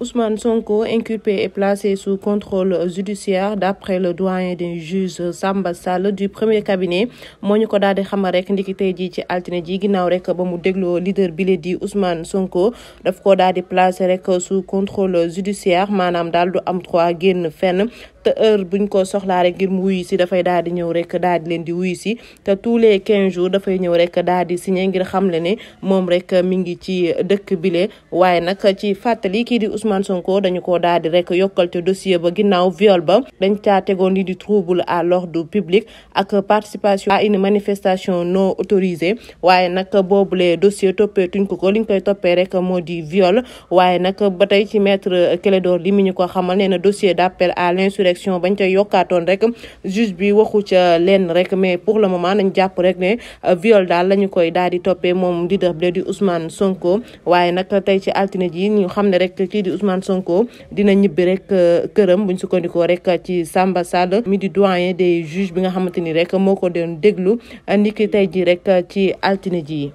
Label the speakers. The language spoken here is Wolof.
Speaker 1: Ousmane Sonko inculpé et placé sous contrôle judiciaire d'après le doyen des juges Samba Sall du premier cabinet moo ñu ko daal di xamal rek ndiki tey jii ci altine ji ginnaaw rek ba mu dégloo leader bi di Ousmane Sonko daf ko daal di placé rek sous contrôle judiciaire maanaam daal du am trois génn fenn te heure buñ ko soxlaa rek ngir mu wuyu si dafay daal di ñëw rek daal di leen di wuyu si te tous les quinze jours dafay ñëw rek daal di signé ngir xamle ne moom rek mi ngi ci dëkk bile Ousmane Sonko dañu ko daal di rek yokkal te dossier ba ginnaaw viol ba dañ caa tegoon li di trouble à l'ordre public ak participation à une manifestation no autorisé waaye nag boobulee dossier toppeetuñ ko ko liñ koy toppee rek moo di viol waaye nag ba tey ci maître Clédor li mi ñu ko xamal nee na dossier d'appel à l'insurrection bañ ca yokkaatoon rek juge bi waxu ca lenn rek mais pour le moment nañ jàpp rek ne viol daal la ñu koy daal di toppee moom leader di Ousmane Sonko Ousmane Sonko dina ñibbi rek euh, këram buñ sukkandikoo rek ci Samba Sall mi di doyen des juges bi nga xamante ni rek moo ko den déglu niki tey ji rek ci altine ji